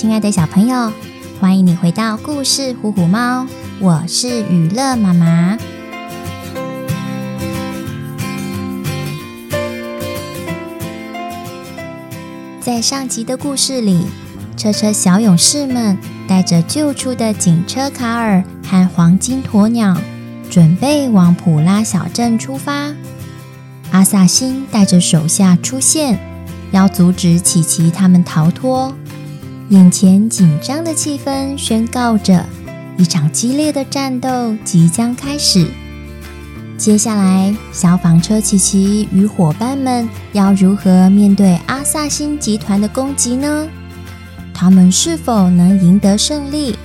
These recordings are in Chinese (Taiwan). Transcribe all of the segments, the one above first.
親愛的小朋友，歡迎你回到故事《虎虎貓》，我是予樂媽媽。在上集的故事裡，車車小勇士們帶着救出的警車卡爾和黃金鴕鳥，準備往普拉小鎮出發。阿薩辛帶着手下出現，要阻止琪琪他們逃脫。眼前緊張的氣氛，宣告着一場激烈的戰鬥即將開始。接下來，消防車奇奇與夥伴們要如何面對阿薩辛集團的攻擊呢？他們是否能贏得勝利？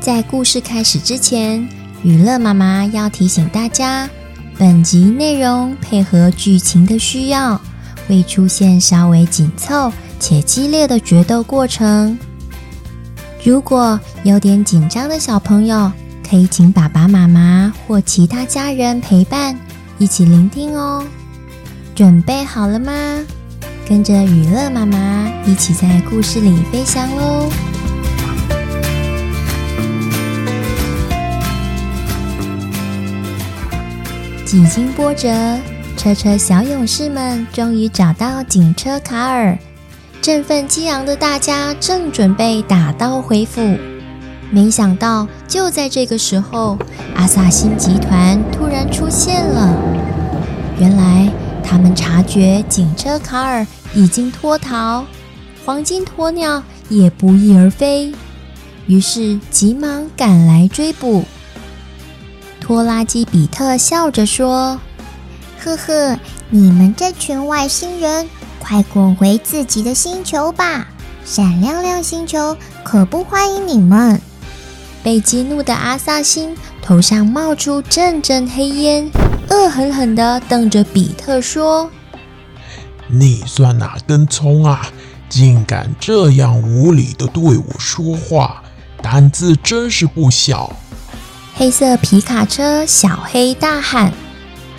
在故事開始之前，予樂媽媽要提醒大家，本集內容配合劇情的需要，會出現稍微緊湊。且激烈的決鬥過程，如果有點緊張的小朋友，可以請爸爸媽媽或其他家人陪伴，一起聆聽哦。準備好了嗎？跟着予樂媽媽一起在故事裡飛翔嘍、哦！幾經波折，車車小勇士們終於找到警車卡爾。振奮激昂的大家正準備打道回府，沒想到就在這個時候，阿薩辛集團突然出現了。原來他們察覺警車卡爾已經脫逃，黃金鴕鳥也不翼而飛，於是急忙趕來追捕。拖拉機比特笑着說：“呵呵，你們這群外星人！”快滾回自己的星球吧！閃亮亮星球可不歡迎你們。被激怒的阿薩辛頭上冒出陣陣黑煙，惡狠狠地瞪着比特說：“你算哪根蔥啊？竟敢這樣無理的對我說話，膽子真是不小！”黑色皮卡車小黑大喊：“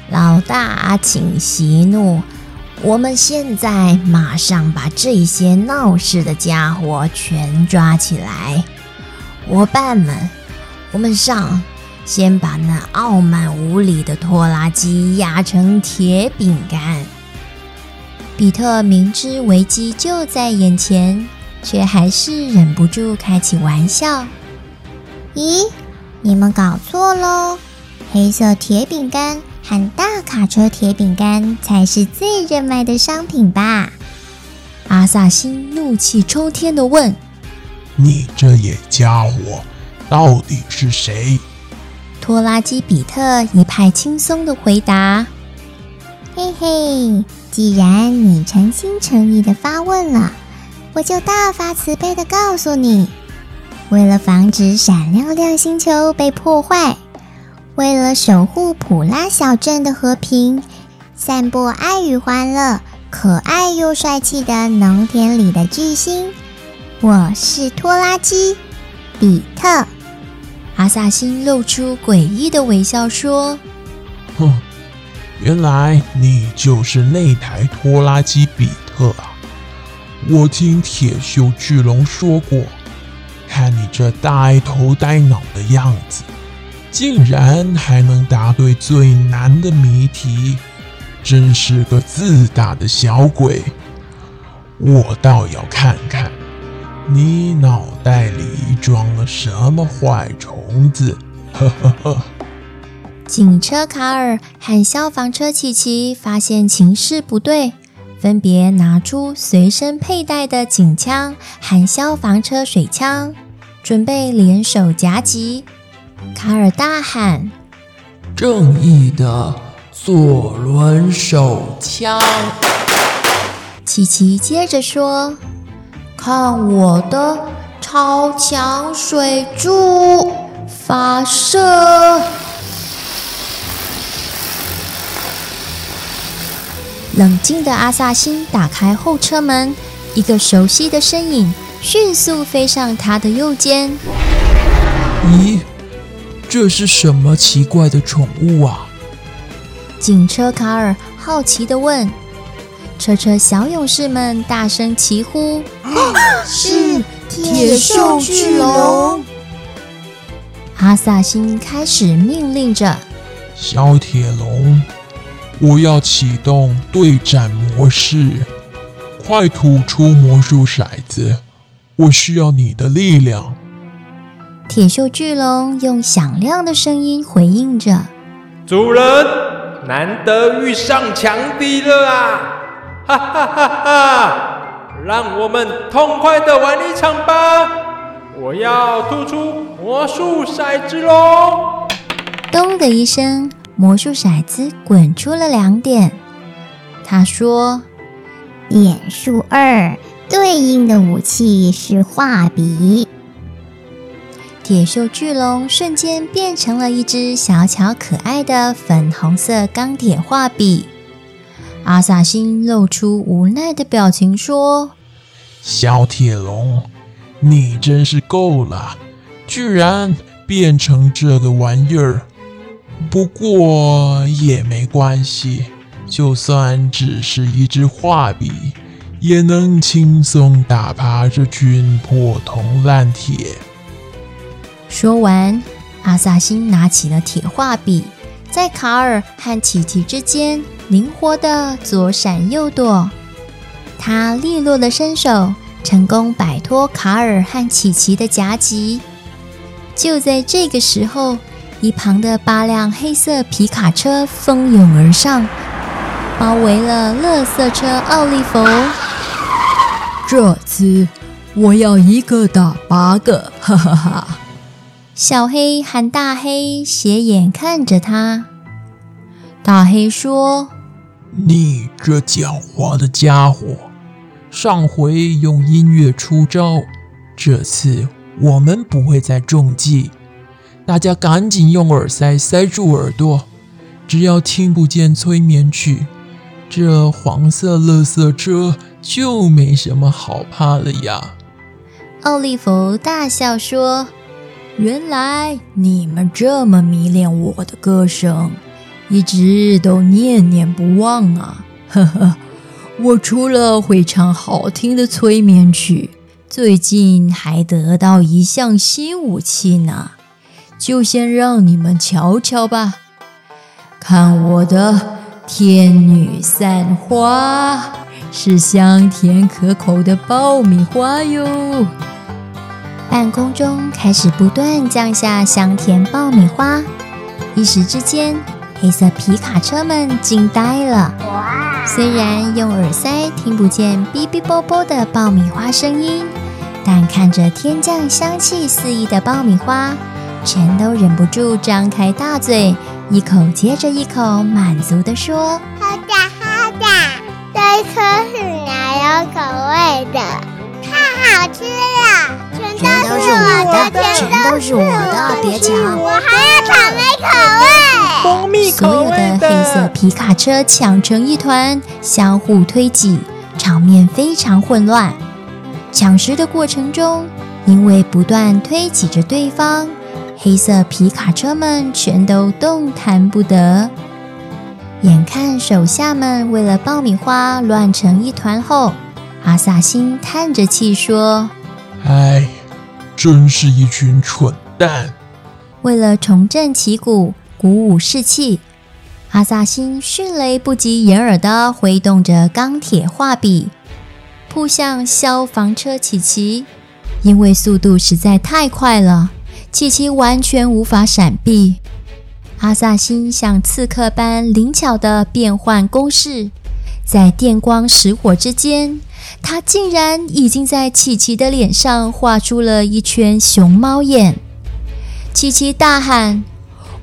老大，請息怒。”我們現在馬上把這些鬧事的家伙全抓起來，夥伴們，我們上！先把那傲慢無禮的拖拉機壓成鐵餅乾。比特明知危機就在眼前，卻還是忍不住開起玩笑：“咦，你們搞錯嘍，黑色鐵餅乾。”喊大卡車鐵餅乾才是最熱賣的商品吧？阿薩辛怒氣沖天地問：“你這野家伙到底是誰？”拖拉機比特一派輕鬆地回答：“嘿嘿，既然你誠心誠意地發問了，我就大發慈悲地告訴你，為了防止閃亮亮星球被破壞。”為了守護普拉小鎮的和平，散播愛與歡樂，可愛又帥氣的農田裡的巨星，我是拖拉機比特。阿薩辛露出詭異的微笑說：“哼，原來你就是那臺拖拉機比特啊！我聽鐵鏽巨龍說過，看你這呆頭呆腦的樣子。”竟然還能答對最難的謎題，真是個自大的小鬼！我倒要看看你腦袋裡裝了什麼壞蟲子！呵呵呵。警車卡爾和消防車琪琪發現情勢不對，分別拿出隨身佩戴的警槍和消防車水槍，準備聯手夾擊。卡爾大喊：“正義的左輪手槍！”琪琪接着說：“看我的超強水柱發射！”冷靜的阿薩辛打開後車門，一個熟悉的身影迅速飛上他的右肩。咦？這是什麼奇怪的寵物啊？警車卡爾好奇的問。車車小勇士們大聲齊呼：“啊、是鐵獸巨龍！”阿薩辛開始命令着：“小鐵龍，我要啟動對戰模式，快吐出魔術骰子，我需要你的力量。”鐵鏽巨龍用響亮的聲音回應着：“主人，難得遇上強敵了啊！哈哈哈哈！讓我們痛快的玩一場吧！我要吐出魔術骰子嘍！”咚的一聲，魔術骰子滾出了兩點。他說：“點數二對應的武器是畫筆。”鐵鏽巨龍瞬間變成了一隻小巧可愛的粉紅色鋼鐵畫筆。阿薩辛露出無奈的表情說：“小鐵龍，你真是夠了，居然變成這個玩意兒。不過也沒關係，就算只是一支畫筆，也能輕鬆打趴這群破銅爛鐵。”說完，阿薩辛拿起了鐵畫筆，在卡爾和琪琪之間靈活的左閃右躲。他利落的伸手，成功擺脫卡爾和琪琪的夾擊。就在這個時候，一旁的八輛黑色皮卡車蜂擁而上，包圍了垃圾車奧利弗。這次我要一個打八個，哈哈哈！小黑和大黑斜眼看着他，大黑說：“你這狡猾的傢伙，上回用音樂出招，這次我們不會再中計。大家趕緊用耳塞塞住耳朵，只要聽不見催眠曲，這黃色垃圾車就沒什麼好怕的呀。”奧利弗大笑說。原來你們這麼迷戀我的歌聲，一直都念念不忘啊！呵呵，我除了會唱好聽的催眠曲，最近還得到一項新武器呢，就先讓你們瞧瞧吧。看我的天女散花，是香甜可口的爆米花喲。半空中開始不斷降下香甜爆米花，一時之間，黑色皮卡車們驚呆了。雖然用耳塞聽不見嗶嗶啵啵的爆米花聲音，但看着天降香氣四溢的爆米花，全都忍不住張開大嘴，一口接着一口，滿足地說：“好的，好的，這車是奶油口味的。”全都是我的，別搶！我還要草莓口味、蜂蜜口味。所有的黑色皮卡車搶成一團，相互推擠，場面非常混亂。搶食的過程中，因為不斷推擠着對方，黑色皮卡車們全都動彈不得。眼看手下們為了爆米花亂成一團後，阿薩辛嘆，嘆着氣說：“唉。”真是一群蠢蛋！為了重振旗鼓、鼓舞士氣，阿薩辛迅雷不及掩耳的揮動着鋼鐵畫筆，撲向消防車奇奇。因為速度實在太快了，奇奇完全無法閃避。阿薩辛像刺客般靈巧的變換攻勢，在電光石火之間。他竟然已經在琪琪的臉上畫出了一圈熊貓眼。琪琪大喊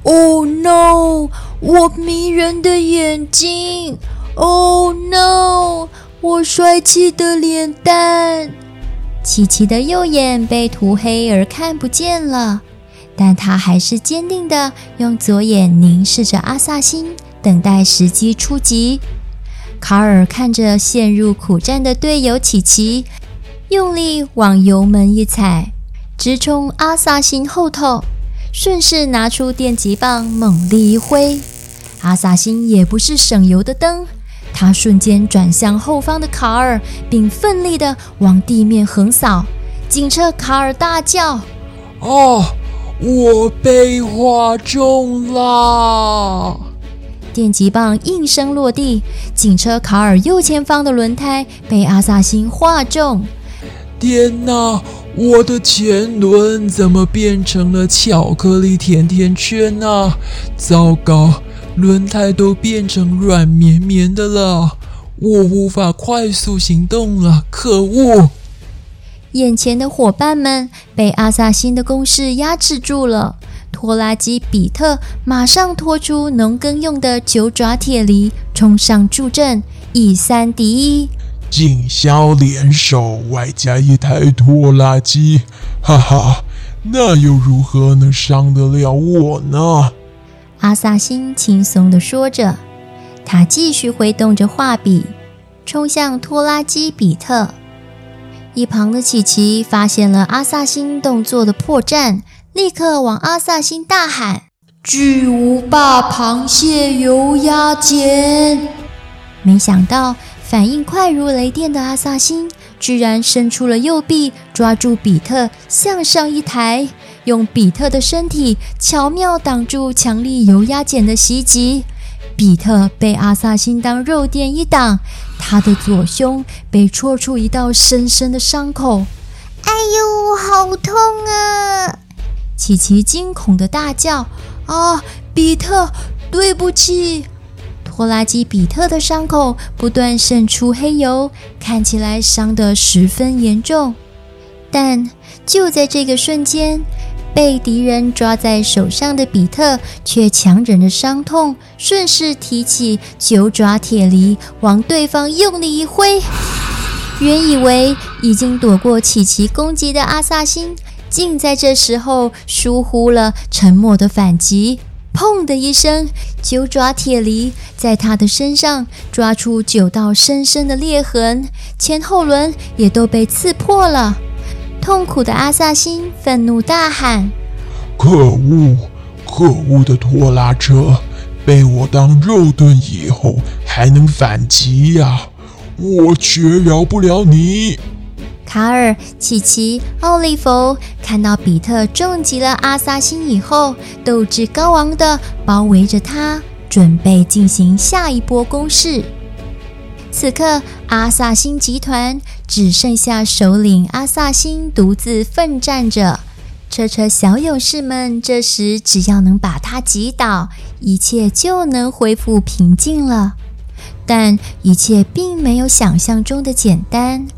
：“Oh no！我迷人的眼睛！Oh no！我帥氣的臉蛋！”琪琪的右眼被塗黑而看不見了，但他還是堅定地用左眼凝視着阿薩辛，等待時機出擊。卡爾看着陷入苦戰的隊友奇奇，用力往油門一踩，直衝阿薩辛後頭，順勢拿出電擊棒，猛力一揮。阿薩辛也不是省油的燈，他瞬間轉向後方的卡爾，並奮力地往地面橫掃。警車卡爾大叫：“哦，我被劃中啦！”電極棒應聲落地，警車卡爾右前方的輪胎被阿薩辛畫中。天吶，我的前輪怎麼變成了巧克力甜甜圈呢、啊？糟糕，輪胎都變成軟綿綿的了，我無法快速行動了。可惡！眼前的夥伴們被阿薩辛的攻勢壓制住了。拖拉機比特馬上拖出農耕用的九爪鐵犁，衝上助陣，以三敵一。警消聯手，外加一台拖拉機，哈哈，那又如何能傷得了我呢？阿薩辛輕鬆的說着，他繼續揮動着畫筆，衝向拖拉機比特。一旁的琪琪發現了阿薩辛動作的破綻。立刻往阿薩辛大喊：“巨無霸螃蟹油壓剪！”沒想到，反應快如雷電的阿薩辛居然伸出了右臂，抓住比特向上一抬，用比特的身體巧妙擋住強力油壓剪的襲擊。比特被阿薩辛當肉墊一擋，他的左胸被戳出一道深深的傷口。哎喲，好痛啊！奇奇驚恐的大叫：“啊，比特，對不起！”拖拉機比特的傷口不斷滲出黑油，看起來傷得十分嚴重。但就在這個瞬間，被敵人抓在手上的比特卻強忍着傷痛，順勢提起九爪鐵犁，往對方用力一揮。原以為已經躲過奇奇攻擊的阿薩辛。竟在這時候疏忽了沉默的反擊！砰的一聲，九爪鐵犁在他的身上抓出九道深深的裂痕，前後輪也都被刺破了。痛苦的阿薩辛憤怒大喊：“可惡！可惡的拖拉車，被我當肉盾以後還能反擊呀！我絕饒不了你！”卡爾、奇奇、奧利弗看到比特重擊了阿薩辛以後，鬥志高昂的包圍着他，準備進行下一波攻勢。此刻，阿薩辛集團只剩下首領阿薩辛獨自奮戰着。車車小勇士們，這時只要能把他擊倒，一切就能恢復平靜了。但一切並沒有想象中的簡單。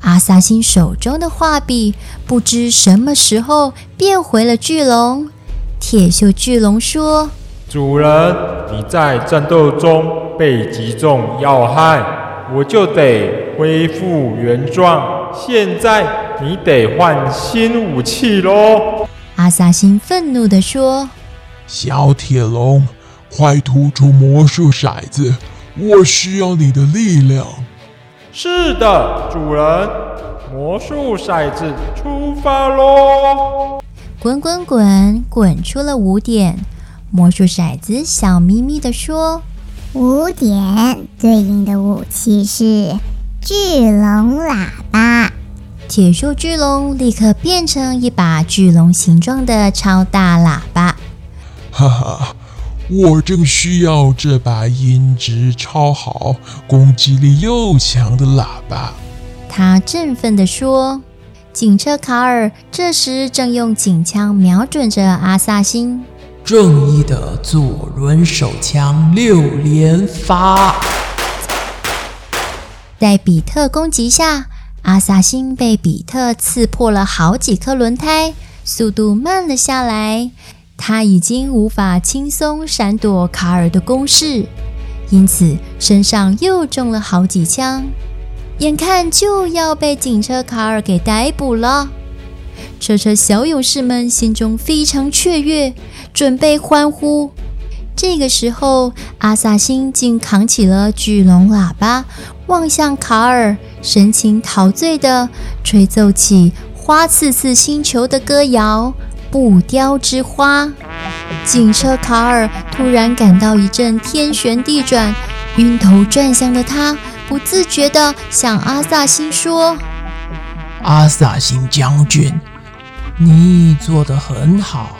阿薩辛手中的畫筆不知什麼時候變回了巨龍。鐵鏽巨龍說：“主人，你在戰鬥中被擊中要害，我就得恢復原狀。現在你得換新武器咯！”阿薩辛憤怒地說：“小鐵龍，快吐出魔術骰子！我需要你的力量。”是的，主人，魔術骰子出發嘍！滾滾滾，滾出了五點。魔術骰子笑眯眯地說：“五點對應的武器是巨龍喇叭。”鐵樹巨龍立刻變成一把巨龍形狀的超大喇叭。哈哈。我正需要這把音質超好、攻擊力又強的喇叭，他振奮地說。警車卡爾這時正用警槍瞄準着阿薩辛。正義的左輪手槍六連發。在比特攻擊下，阿薩辛被比特刺破了好幾顆輪胎，速度慢了下來。他已經無法輕鬆閃躲卡爾的攻勢，因此身上又中了好幾槍，眼看就要被警車卡爾給逮捕了。車車小勇士們心中非常雀躍，準備歡呼。這個時候，阿薩辛竟扛起了巨龍喇叭，望向卡爾，神情陶醉地吹奏起花刺刺星球的歌謠。不凋之花，警車卡爾突然感到一陣天旋地轉，暈頭轉向的他不自覺地向阿薩辛說：“阿薩辛將軍，你做得很好。”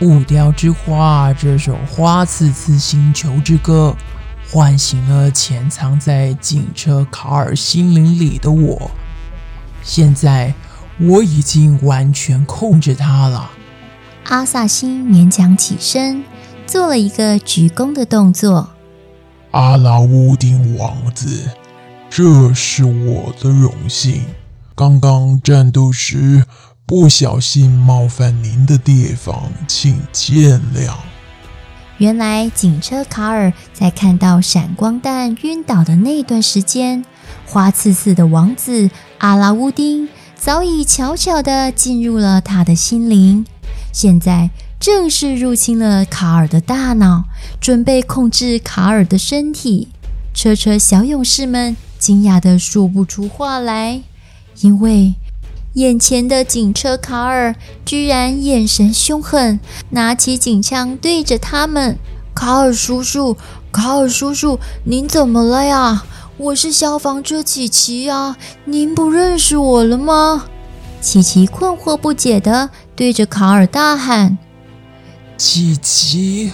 不凋之花這首花刺刺星球之歌，喚醒了潛藏在警車卡爾心靈裡的我。現在。我已經完全控制他了。阿薩辛勉強起身，做了一個鞠躬的動作。阿拉烏丁王子，這是我的榮幸。剛剛戰鬥時不小心冒犯您的地方，請見諒。原來警車卡爾在看到閃光彈暈倒的那段時間，花刺刺的王子阿拉烏丁。早已悄悄地進入了他的心靈，現在正式入侵了卡爾的大腦，準備控制卡爾的身體。車車小勇士們驚訝地說不出話來，因為眼前的警車卡爾居然眼神兇狠，拿起警槍對着他們。卡爾叔叔，卡爾叔叔，您怎麼了呀？我是消防車奇奇啊！您不認識我了嗎？奇奇困惑不解地對着卡爾大喊：“奇奇，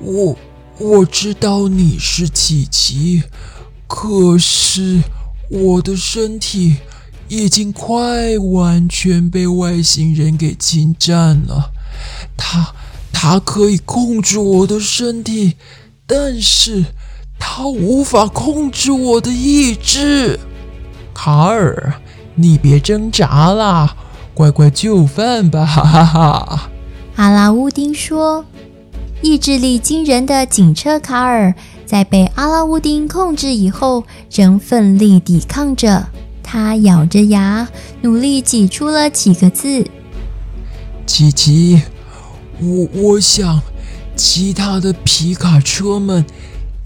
我我知道你是奇奇，可是我的身體已經快完全被外星人給侵佔了。它它可以控制我的身體，但是……”他無法控制我的意志，卡爾，你別掙扎了，乖乖就範吧！哈哈哈。阿拉烏丁說：“意志力驚人的警車卡爾，在被阿拉烏丁控制以後，仍奮力抵抗着。他咬着牙，努力擠出了幾個字：‘奇奇，我我想，其他的皮卡車們。’”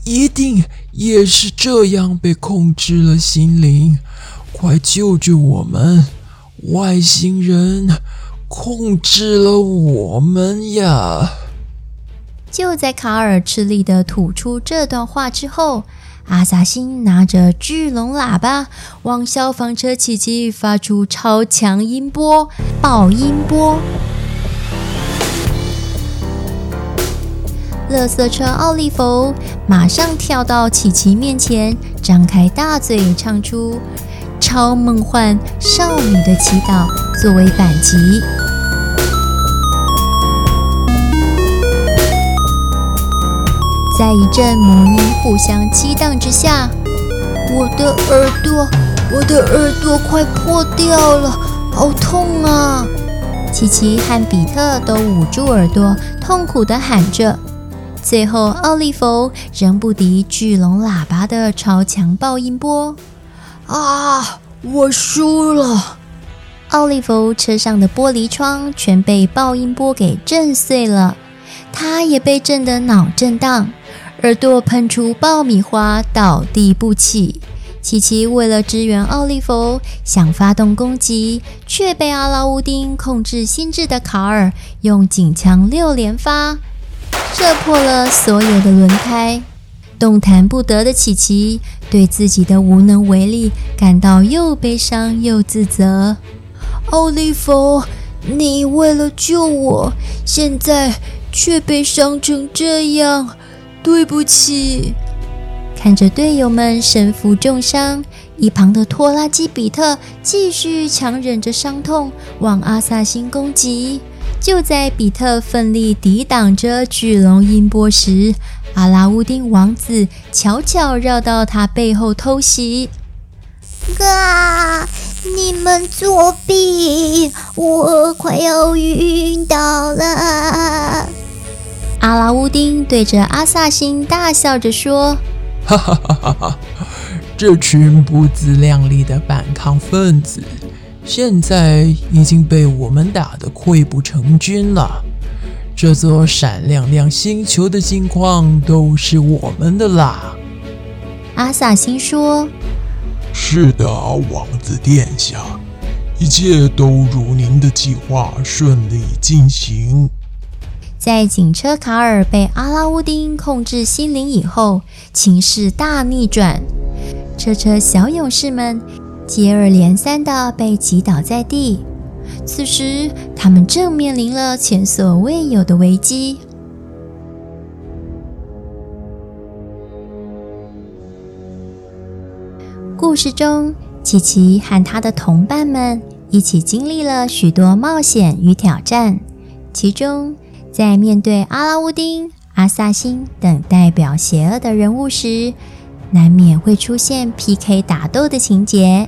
一定也是這樣被控制了心靈，快救救我們！外星人控制了我們呀！就在卡爾吃力的吐出這段話之後，阿薩辛拿着巨龍喇叭往消防車奇奇發出超強音波，爆音波。垃圾車奧利佛馬上跳到琪琪面前，張開大嘴唱出《超夢幻少女的祈禱》作為反擊。在一陣母音互相激蕩之下，我的耳朵，我的耳朵快破掉了，好痛啊！琪琪和比特都捂住耳朵，痛苦的喊着。最後，奧利弗仍不敵巨龍喇叭的超強爆音波，啊！我輸了。奧利弗車上的玻璃窗全被爆音波給震碎了，他也被震得腦震盪，耳朵噴出爆米花，倒地不起。奇奇為了支援奧利弗，想發動攻擊，卻被阿拉烏丁控制心智的卡爾用警槍六連發。射破了所有的輪胎，動彈不得的奇奇對自己的無能為力感到又悲傷又自責。奧利弗，你為了救我，現在卻被傷成這樣，對不起。看着隊友們身負重傷，一旁的拖拉機比特繼續強忍着傷痛往阿薩辛攻擊。就在比特奮力抵擋着巨龍音波時，阿拉烏丁王子悄悄繞到他背後偷襲。哥，啊！你們作弊！我快要暈倒了！阿拉烏丁對着阿薩辛大笑着說：“哈哈哈哈哈！這群不自量力的反抗分子！”現在已經被我們打得潰不成軍了，這座閃亮亮星球的金礦都是我們的啦！阿薩辛說：“是的，王子殿下，一切都如您的計劃順利進行。”在警車卡爾被阿拉烏丁控制心靈以後，情勢大逆轉，車車小勇士們。接二連三的被擊倒在地，此時他們正面臨了前所未有的危機。 故事中，奇奇和他的同伴們一起經歷了許多冒險與挑戰，其中在面對阿拉烏丁、阿薩辛等代表邪惡的人物時，難免會出現 PK 打鬥的情節。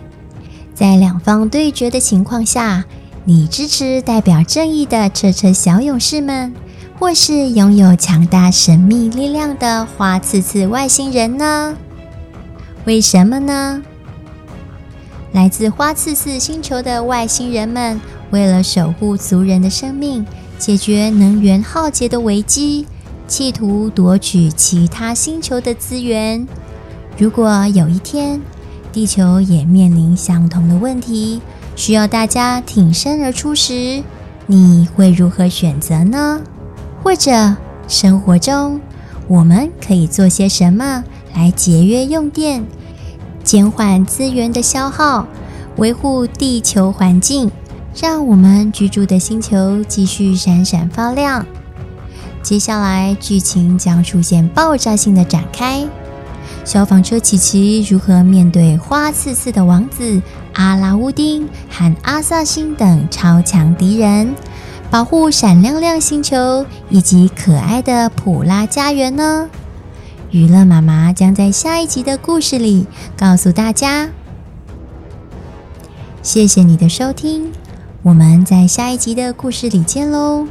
在兩方對決的情況下，你支持代表正義的車車小勇士們，或是擁有強大神秘力量的花刺刺外星人呢？為什麼呢？來自花刺刺星球的外星人們，為了守護族人的生命，解決能源耗竭的危機，企圖奪取其他星球的資源。如果有一天，地球也面臨相同的問題，需要大家挺身而出時，你會如何選擇呢？或者生活中我們可以做些什麼來節約用電、減緩資源的消耗、維護地球環境，讓我們居住的星球繼續閃閃發亮。接下來劇情將出現爆炸性的展開。消防車奇奇如何面對花刺刺的王子阿拉烏丁和阿薩辛等超強敵人，保護閃亮亮星球以及可愛的普拉家園呢？予樂媽媽將在下一集的故事裡告訴大家。謝謝你的收聽，我們在下一集的故事裡見嘍！